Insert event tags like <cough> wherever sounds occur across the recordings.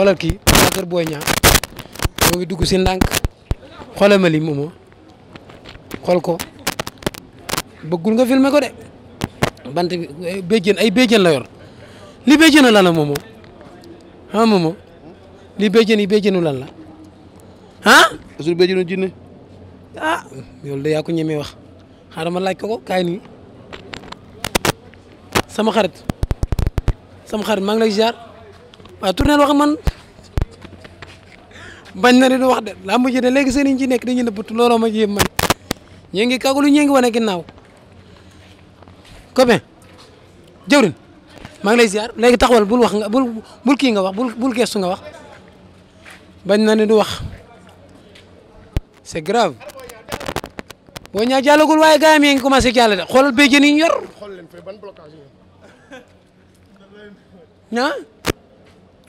xoolal kii waa kër Boy Niang moo ngi dugg si ndànk xoolal ma lii moom ko bëggul nga filmer ko de bant bi eh, béjjën ay béjjën la yor li béjjënu lan la moom ah moom li béjjën yi béjjënu la la ah. suñu béjjënu jinne ah loolu de yaa ko ñemee wax xaaral ma ko ko kaay sama xarit sama xarit maa waaw tournel wax man bañ na di wax de làmb ji de léegi sëriñ ci nekk dañuy nëbbatu looloo ma jéem man ñee ngi kagalu ñee ngi wane ginnaaw copain jëwrin maa ngi lay ziar léegi taxawal bul wax nga bul bul kii nga wax bul bul gestu nga wax bañ na ne du wax c'est grave boo ñaa jàllagul waaye gars yi ngi commencé jàll de xoolal béjjën yi ñu yor ah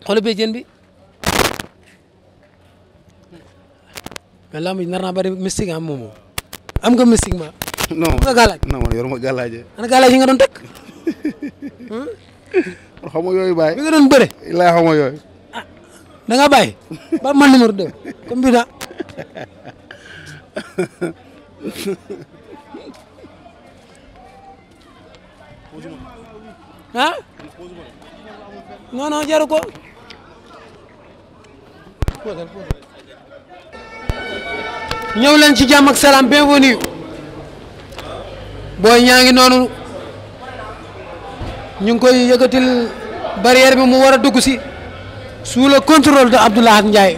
xoolal béjjén bi mais lamb ji nar naa bëri mystique am ah, moomu am nga mystique ma. non nga ana gàllaaj yi nga doon teg. <laughs> xam bi nga doon bëre. laa xam nga yooyu. ah da man numéro 2 comme bi da. <laughs> ah ñëw leen ci jàmm ak salaam bienvenue booy ñaa ngi noonu ñu ngi koy yëkkatil barrière bi mu war a dugg si sous le contrôle de Abdoulaye Ndiaye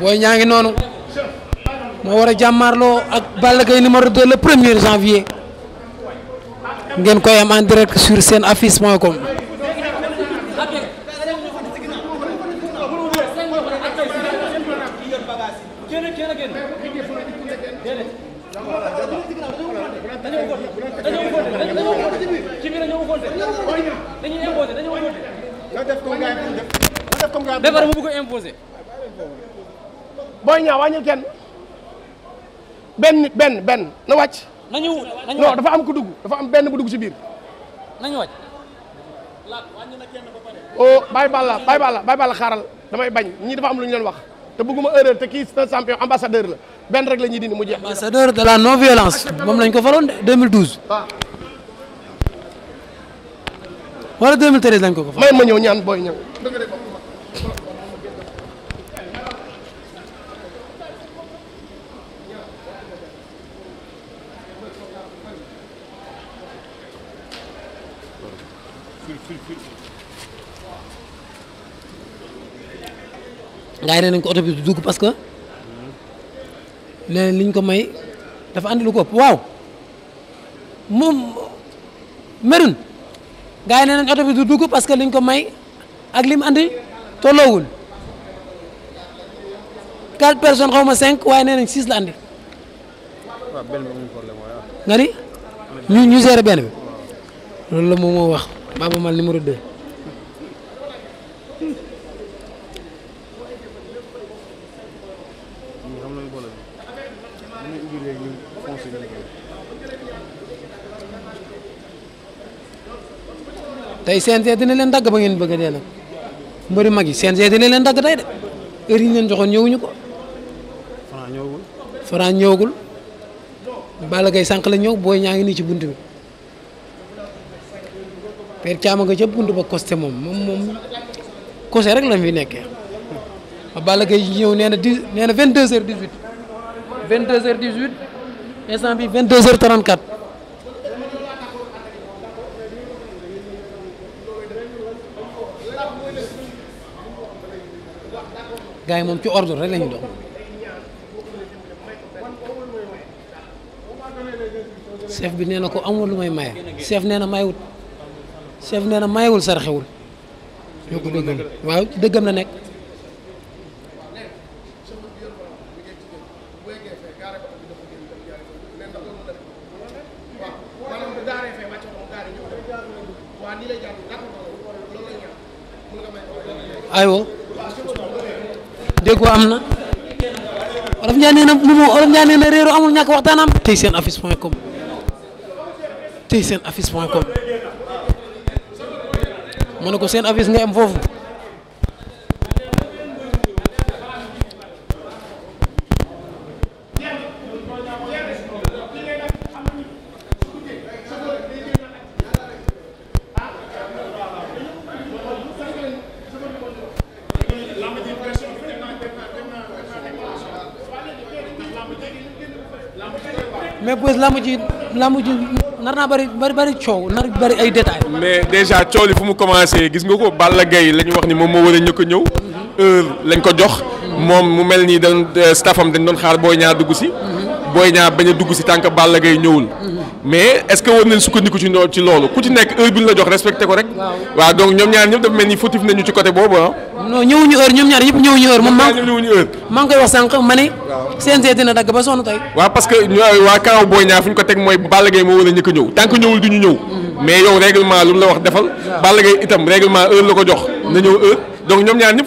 booy ñaa ngi noonu moo war a jàmmaarloo ak Balla Gaye numéro 2 le premier janvier ngeen koy am en direct sur seen affiche point com def comme gars yi def def comme gars yi. defar mu bëgg kenn benn benn na wàcc. nañu nañu non dafa am ku dugg dafa am benn bu dugg ci biir. nañu wàcc. oh Baye Balla Baye Balla Baye Balla xaaral damay bañ ñii dafa am lu ñu leen wax te bëgguma erreur te kii c'est un ambassadeur la benn rek la ñuy dindi mu jeex. ambassadeur de la non violence moom lañ ko faloon 2012. wala 2013 lañ ko ko fa. may ma ñëw ñaan booy ñëw. gars yi nañ ko oto bi du dugg parce que leneen liñ ko may dafa ànd ko waaw moom merun gars yi ato nañ oto bi du dugg parce que liñ ko may ak lim andi tolloowul quatre personnes xaw ma cinq waaye nee nañ six la andi. waaw benn ñu ñu gérer bi loolu la moom moo wax Baaba Maal numéro 2. tey CNG dina leen dagg ba ngeen bëgg a dee nag mbëri mag yi CNG dina leen dagg day de heure yi ñu leen joxoon ñëwuñu ko. Franc ñëwagul. Franc ñëwagul. Balla Gaye sànq la ñëw booy ñaa ngi nii ci bunt bi. Père Thiam nga ca bunt ba costé moom moom moom costé rek la fi nekkee ba Balla Gaye ñëw nee na dix nee na vingt deux heures dix huit vingt deux heures dix huit instant bi vingt deux heures trente quatre gars yi moom ci ordre rek la dox chef bi nee na ko amul lu may maye chef nee na mayewul chef nee na mayewul saraxewul ñoo ko nekk aywa ko am na Olof Ndiaye nee na mu mu Olof Ndiaye amul ñàkk waxtaan am tey seen affiche point com tey seen affiche point com mu ne ko seen affiche nga am foofu mais bés lamb ji lamb ji nar naa bari bari bëri coow nar bëri ay détails. mais déjà coow li fu mu commencé gis nga ko Balla Gaye la ñu wax ni moom moo war a ñëkk a ñëw. heure lañ ko jox. moom mu mel nii dañ staffam dañ doon xaar Boy ñaar dugg si. booy ñaar bañ a dugg si tànk que Balla ñëwul. mais est-ce que war nañ sukkandiku ci ci loolu ku ci nekk heure bi ñu la jox respecté ko rek. waaw donc ñoom ñaar ñëpp dafa mel ni fautif nañu ci côté boobu ah. non ñëwuñu heure ñoom ñaar ñëpp ñëwuñu heure. moom maa koy wax sànq ma ne. waaw CNG dina dagg ba sonn tey. waaw que waa Kaaw Boy Niang fu ñu ko teg mooy Balla Gaye moo war a njëkk a ñëw tant ñëwul du ñu ñëw. Mm-hmm. mais yow règlement lu mu la wax defal. waaw Balla itam règlement heure la ko jox. na ñëw heure donc ñoom ñaar ñëpp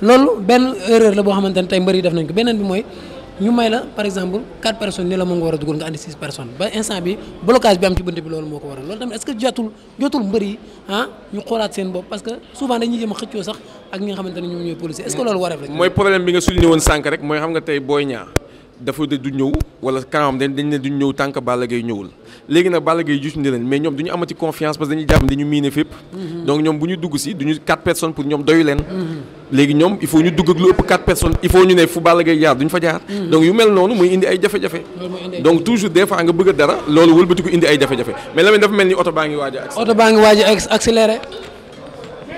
loolu benn erreur la boo xamante ne tey mbër yi def nañ ko beneen bi mooy ñu may la par exemple quatre personnes ni la moom nga war a dugal nga andi six personnes ba instant bi blocage bi am ci bënt bi loolu moo ko waral loolu tamit est jotul jotul mbër yi ah ñu xoolaat seen bopp parce que souvent dañuy jëm a xëccoo sax ak ñi nga xamante ne ñoom ñooy policier loolu wareef la mooy problème bi nga souligné woon sànq rek mooy xam nga tey booy ñaa dafa de du ñëw wala dañ dañ ne ñëw tànk Balla Gaye ñëwul léegi nag Balla Gaye juutu leen mais ñoom du ñu amati confiance parce que dañuy jàpp dañu miine fépp mhm. donc ñoom bu ñu dugg si duñu quatre personnes pour ñoom doyu leen mhm. léegi ñoom il faut ñu dugg ak lu ëpp quatre personnes il faut ñu ne fu Balla Gaye jaar duñ fa jaar mhm. donc yu mel noonu muy indi ay jafe-jafe donc toujours des fois nga bëgg dara loolu wëlbati ko indi ay jafe-jafe mais la dafa mel ni oto baa ngi waaj a oto baa ngi waaj a accéléré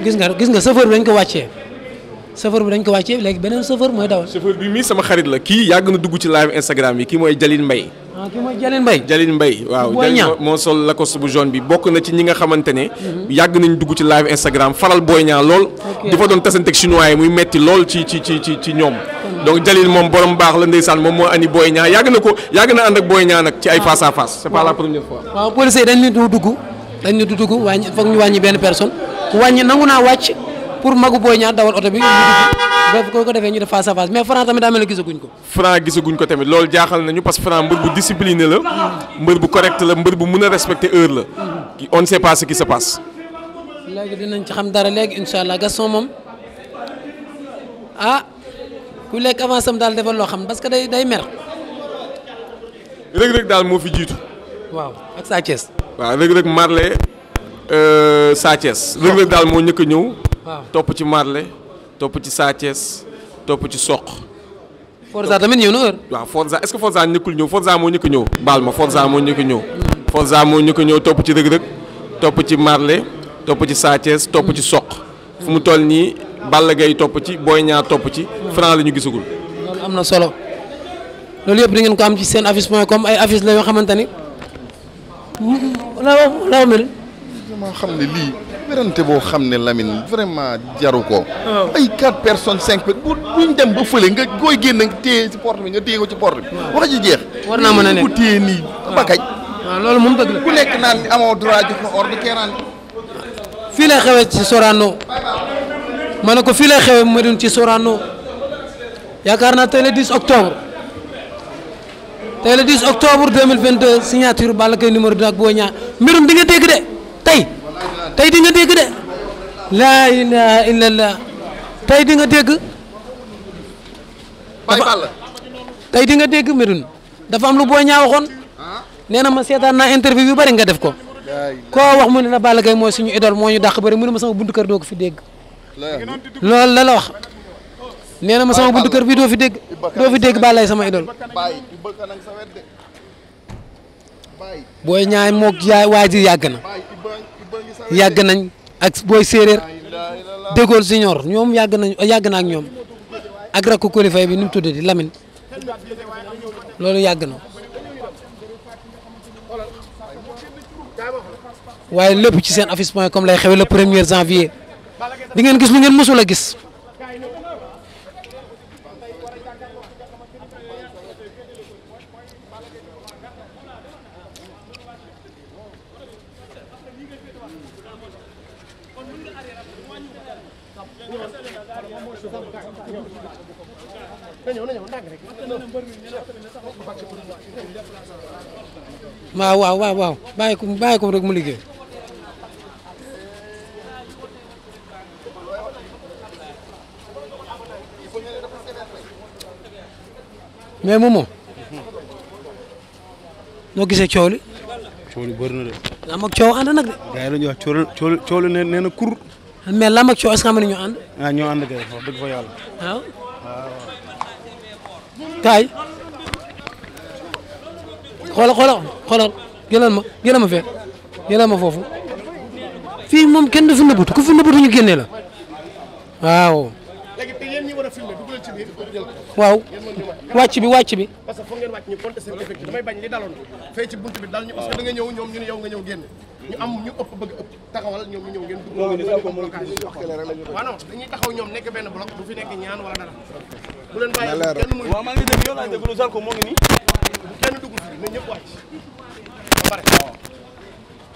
gis nga gis nga chauffeur dañ ko wàccee chauffeur ko wàccee léegi beneen chauffeur mooy xarit la kii yàgg na dugg ci live Instagram yi kii mooy Jalil Mbaye ah kii mooy Jaline Mbaye Jaline Mbaye waaw Jaline moo sol Lacoste bu jaune bi bokk na ci ñi nga xamante ne mhm. yàgg nañ dugg ci live Instagram faral Boy Niang lool di doon tasanteeg chinois yi muy metti lool ci ci ci ñoom donc Jaline moom borom baax la ndeysaan moom moo andi Boy Niang yàgg na ko yàgg na ànd ak Boy Niang nag ci ay face à face dañ ñu du dugg dañ ñu du dugg wàññi foog ñu wàññi benn personne wàññi nangu naa wàcc pour magu Boy Niang dawal oto bi ko ko defee ñu def face à face mais Franc tamit daa mel ne gisaguñ ko Franc gisaguñ ko tamit lool jaaxal nañu parce que Franc mbër bu discipliné la mbër bu correct la mbër bu mun a respecter heure la on ne sait pas ce qui se passe léegi dinañ ci xam dara léegi incha allah Gaston moom ah ku lekk avance am daal defal loo xam parce que day day mer Reug Reug daal moo fi jiitu waaw ak Sa Thiès waaw Reug Reug Marley euh, Sa Thiès Reug daal moo ñëkk ñëw topp ci Marley topp ci Sa Thiès topp ci Sokh. Forza tamit ñëw na heure. waaw Forza est-ce que Forza ñëkkul ñëw Forza moo ñëkk ñëw. baal ma Forza moo ñëkk ñëw. Forza moo ñëkk ñëw topp ci Reug Reug topp ci Marley topp ci Sa Thiès topp ci Sokh. fu mu toll nii Balla Gaye topp ci Boy Niang topp ci. Franc la ñu gisagul. na solo loolu yëpp di ko am ci seen com ay affiche la yoo xamante <laughs> wérante boo xam ne Lamine vraiment jaru ko. Oh. ay quatre personnes cinq bu buñ dem ba fële nga koy génn nga téye ci porte bi nga téye ko ci porte bi. Oh. wax ji jeex. war naa mën a nekk ku téye nii oh. ba kañ. waaw loolu moom la ku nekk naan amoo droit jox ma ordre kenaan. fii lay xewee ci Sorano ma ne ko fii lay xewee Médoune ci Sorano yaakaar naa tey le 10 octobre tey le 10 octobre 2022 signature Balla Gaye numéro 2 ak Boy Niang Médoune di nga dégg de. laa ilaha illallah tey di nga dégg. dafa tey di nga dégg Médoune dafa am lu boo ñaa waxoon ah. nee na ma seetaan naa interview yu bari nga def ko. koo wax mu ne na Balla Gaye mooy suñu idole moo ñu dàq bari mu ne ma sama buntu kër doo ko fi dégg. loolu la la wax nee na ma sama buntu kër bi doo fi dégg doo fi dégg Balla sama idole. booy ñaay moog yaay waa ji yàgg na yàgg nañ. ak booy séeréer dégool junior ñoom yàgg nañu yàgg na ak ñoom ak rakku bi ni mu di Lamine loolu yàgg na waaye lépp ci seen affiche point comme lay xewe le premier janvier di ngeen gis lu ngeen mësul a gis waa waaw waa waaw bàyyi ko bàyyi ko rek mu liggéey. mais gisee coow li. coow li bëri na de. lam ak coow ànd de. gars yi la ñuy wax coow kur. mais lam ak coow est-ce ni ñoo ànd. ah ñoo ànd kay wax dëgg fa yàlla. Ah. Ah, xoolal xoolal xoolal gënal ma gënal ma fee gënal ma foofu fii moom kenn du fi nëbbatu ku fi nëbbatu ñu génnee la waaw. waaw wàcc bi wàcc bi parce que foog ngeen wàcc ñu compter seen effectif damay bañ li daloon fay ci bi dal ñu parce nga ñëw ñoom ñu ne yow nga ñëw génn ñu am ñu ëpp bëgg ëpp taxawal ñoom ñu ñëw ngeen dugg waaw non dañuy taxaw ñoom nekk benn bloc bu fi nekk ñaan wala laa déglu sal ko moo ngi na ñëpp wàcc ba pare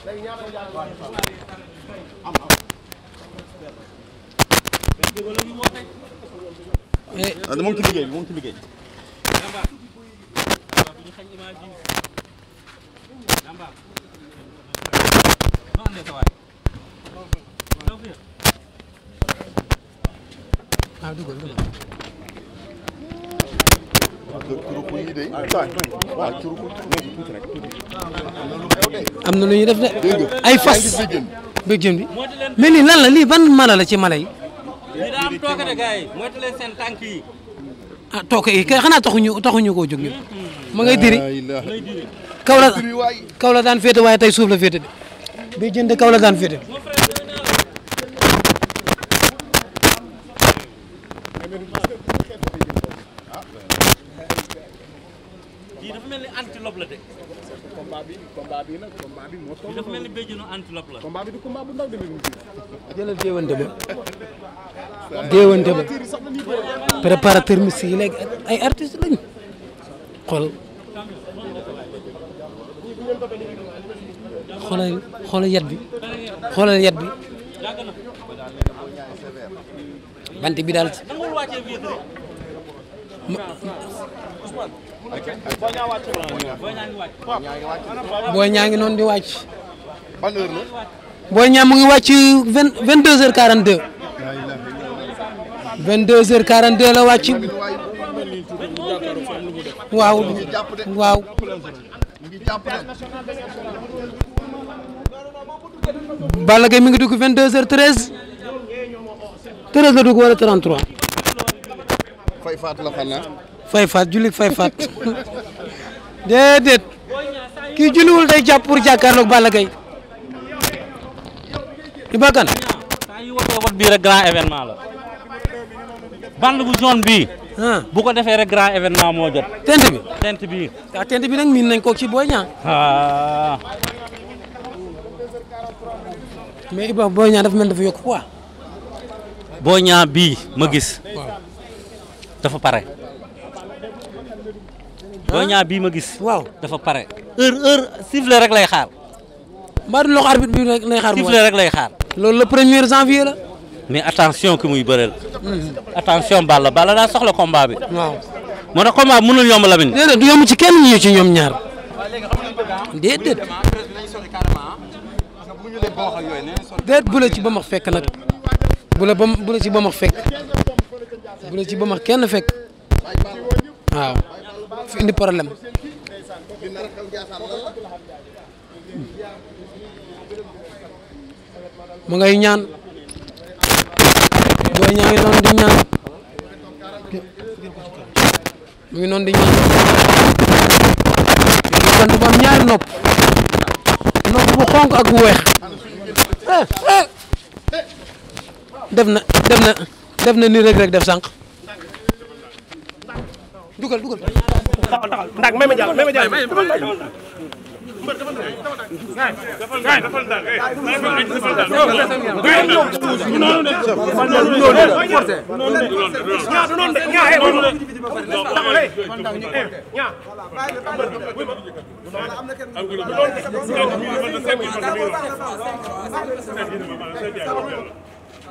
léegi ñaata jaar am am mu ngi ci liggéey bi mu ngi ci liggéey bi ah, curuku am na lu ñuy def de ay fas bëjjën bi mais lii lan la lii ban mala la ci mala yi lii daa am tooke de gars yi ah, taxuñu taxuñu koo jóg ñun ma ngay diri kaw daan féete waaye tay suuf la féete de bëjjën de kaw la daan féete lii dafa mel ni antilope la de. combat bi combat bi nag combat bi moo toll. dafa mel ni béjjënu antilope la. combat bi du combat bu ndaw demee mu ji. jëlal déewante ba. déewante ba. préparateur musique yi léegi ay artistes lañ xool xoolal xoolal yat bi xoolal yat bi bant bi daal. booy ñaa ngi noonu di wàcc. ban heure booy ñaa mu ngi wàcc vingt vingt deux heures quarante deux. vingt deux heures quarante deux la wàcc. waaw waaw. Balla mi ngi dugg vingt deux heures treize. treize la dugg wala trente trois. fay faat la xanaa. Ah. fay faat jullit fay faat <laughs> déedéet kii julliwul day jàpp pour jàkkaarloog Balla Gaye Iba Kane. saa yu wootee woot bii rek grand événement la. bande bu zone bii. Ah. bu ko defee rek grand événement moo jot. tent bi tent bi. ah tent miin nañ ko ci booy Niang. Ah. mais Iba Boy Niang dafa mel dafa yokk quoi. Boy Niang bii ma gis. dafa pare. Boy Niang bii ma gis. waaw dafa pare heure heure sifflet rek lay xaar. mbaa du loxo arbitre bi rek lay xaar. rek lay xaar. loolu le premier janvier la. mais attention ki muy bëreel. Mhm. attention Balla Balla daa soxla combat bi. waaw moo tax combat bi ci kenn ci ñoom ñaar. bu la ci ba ma fekk nag. bu la ba bu la ci ba ma fekk. bu la ci ba ma kenn fekk waaw fi indi problème ma ngay ñaan booy ñaa ngi noonu di ñaan mu ngi noonu di ñaan kon am ñaari nopp nopp bu xonk ak bu weex eh, eh. def na def na def na ni rek rek def sànq. dugal dugal.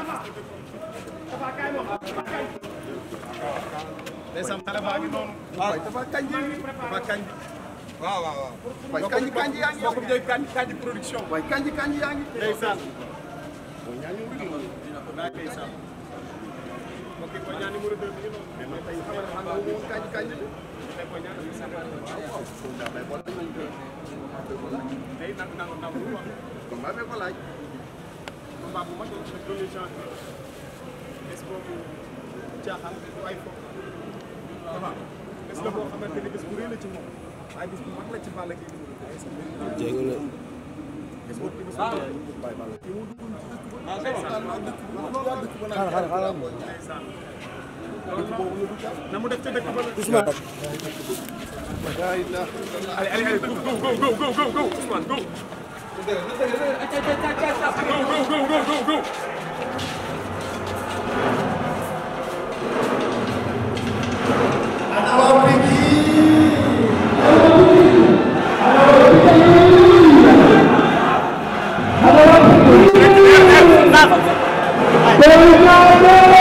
ndeysaan xale baa ngi noonu. waaw ah, dafa kanji dafa kanji. waaw waaw waaw. kanji kanji yaa ngi bokkum jëy kanji kanji production. waay kanji kanji yaa ngi. ndeysaan. ok kon ñaar numéro 2 bi ñu noonu. tey xamal kanji kanji combat bu mag le premier janvier bés boobu jaaxal du ay fo waaw bés la boo xamante ni bés bu rëy la ci moom waaye bés bu mag la ci Balla Gaye jéego la ah, ah, na mu def ca dëkk ba Ousmane go go go go go Ousmane go Go, go, go, go, go. Analog Pinky. Analog Pinky. There we go.